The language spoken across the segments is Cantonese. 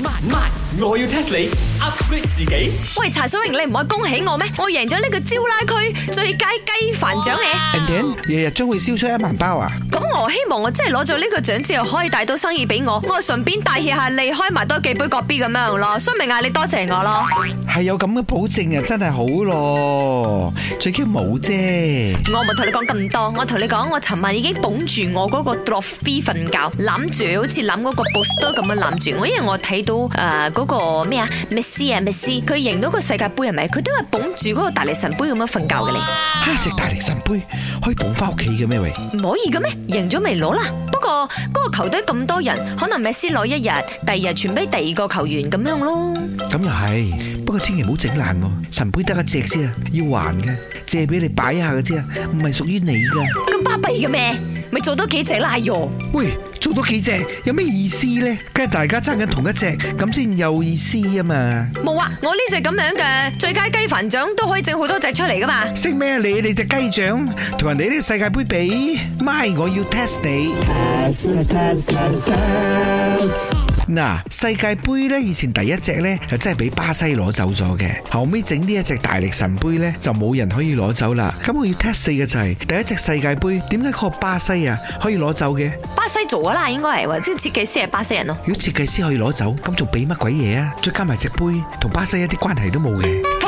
慢我要 test 你 upgrade 自己。喂，柴查叔，你唔可以恭喜我咩？我贏咗呢個招拉區最佳雞飯獎嘅。年、wow. 日日將會燒出一萬包啊！咁我希望我真係攞咗呢個獎之後可以帶到生意俾我，我順便大謝下你開埋多幾杯個 B 咁樣咯。蘇明嗌你多謝我咯。係有咁嘅保證啊，真係好咯，最驚冇啫。我唔同你講咁多，我同你講，我尋晚已經捧住我嗰個 drop 飛瞓覺，諗住好似諗嗰個 b o o l s t a r 咁嘅諗住我，因為我睇到誒、那、嗰個咩啊 miss 啊 miss，佢贏到個世界杯係咪？佢都係捧住嗰個大力神杯咁樣瞓覺嘅你。吓，隻大力神杯可以捧翻屋企嘅咩喂？唔可以嘅咩？贏咗未攞啦？個嗰、那個球隊咁多人，可能梅西攞一日，第二日傳俾第二個球員咁樣咯。咁又係，不過千祈唔好整爛喎。神杯得個借啫，要還嘅，借俾你擺下嘅啫，唔係屬於你嘅。咁巴閉嘅咩？咪做多幾隻啦？喲！喂，做多幾隻有咩意思咧？梗係大家爭緊同一隻，咁先有意思啊嘛！冇啊，我呢隻咁樣嘅最佳雞凡獎都可以整好多隻出嚟噶嘛！識咩啊？你你隻雞獎同人哋啲世界杯比？媽，我要 test 你。嗱，世界杯咧，以前第一隻咧就真係俾巴西攞走咗嘅，後尾整呢一隻大力神杯咧就冇人可以攞走啦。咁我要 test 你嘅就係第一隻世界杯，點解嗰個巴西啊可以攞走嘅？巴西做啦，應該係即係設計師係巴西人咯。如果設計師可以攞走，咁仲俾乜鬼嘢啊？再加埋隻杯，同巴西一啲關係都冇嘅。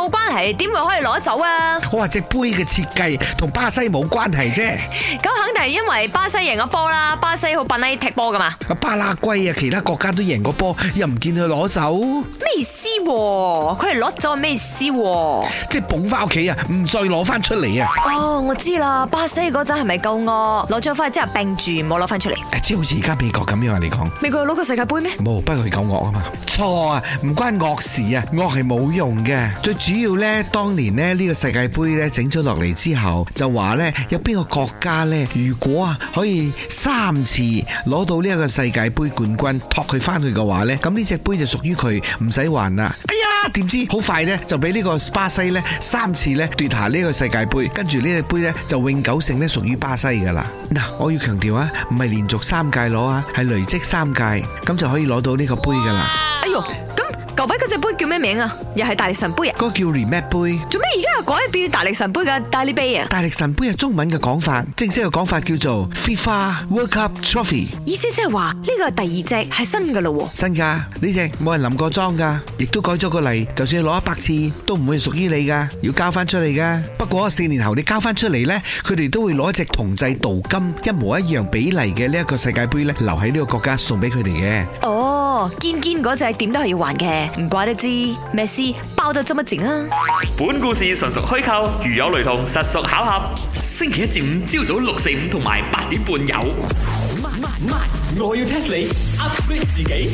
冇關係，點會可以攞走啊？我話隻杯嘅設計同巴西冇關係啫。咁肯定係因為巴西贏咗波啦，巴西好笨呢踢波㗎嘛？巴拉圭啊，其他國家都贏過波，又唔見佢攞走。咩意思？佢哋攞走係咩意思？即係捧翻屋企啊，唔再攞翻出嚟啊！哦，我知啦，巴西嗰陣係咪夠惡，攞咗翻之後並住，冇攞翻出嚟。誒，即係好似而家美國咁樣啊，你講美國攞個世界杯咩？冇，不過佢夠惡啊嘛。錯啊，唔關惡事啊，惡係冇用嘅，最主要咧，當年咧呢個世界杯咧整咗落嚟之後，就話咧有邊個國家咧，如果啊可以三次攞到呢一個世界杯冠軍，托佢翻去嘅話咧，咁呢隻杯就屬於佢，唔使還啦。哎呀，點知好快咧就俾呢個巴西咧三次咧奪下呢個世界杯，跟住呢隻杯咧就永久性咧屬於巴西噶啦。嗱，我要強調啊，唔係連續三屆攞啊，係累積三屆咁就可以攞到呢個杯噶啦。各位，嗰隻杯叫咩名啊？又係大力神杯啊？嗰個叫 Rimet 杯。做咩而家又改變大力神杯嘅大力杯啊？大力神杯係中文嘅講法，正式嘅講法叫做 FIFA World Cup Trophy。意思即係話呢個係第二隻係新嘅咯喎。新噶呢隻冇人諗過裝噶，亦都改咗個例。就算攞一百次都唔會屬於你噶，要交翻出嚟噶。不過四年後你交翻出嚟咧，佢哋都會攞一隻銅製鍍金一模一樣比例嘅呢一個世界杯咧，留喺呢個國家送俾佢哋嘅。哦。.堅堅嗰隻點都係要還嘅，唔怪得之咩事包得針一針啊？本故事純屬虛構，如有雷同，實屬巧合。星期一至五朝早六四五同埋八點半有。Oh, my, my, my. 我要 test 你，hey. upgrade 自己。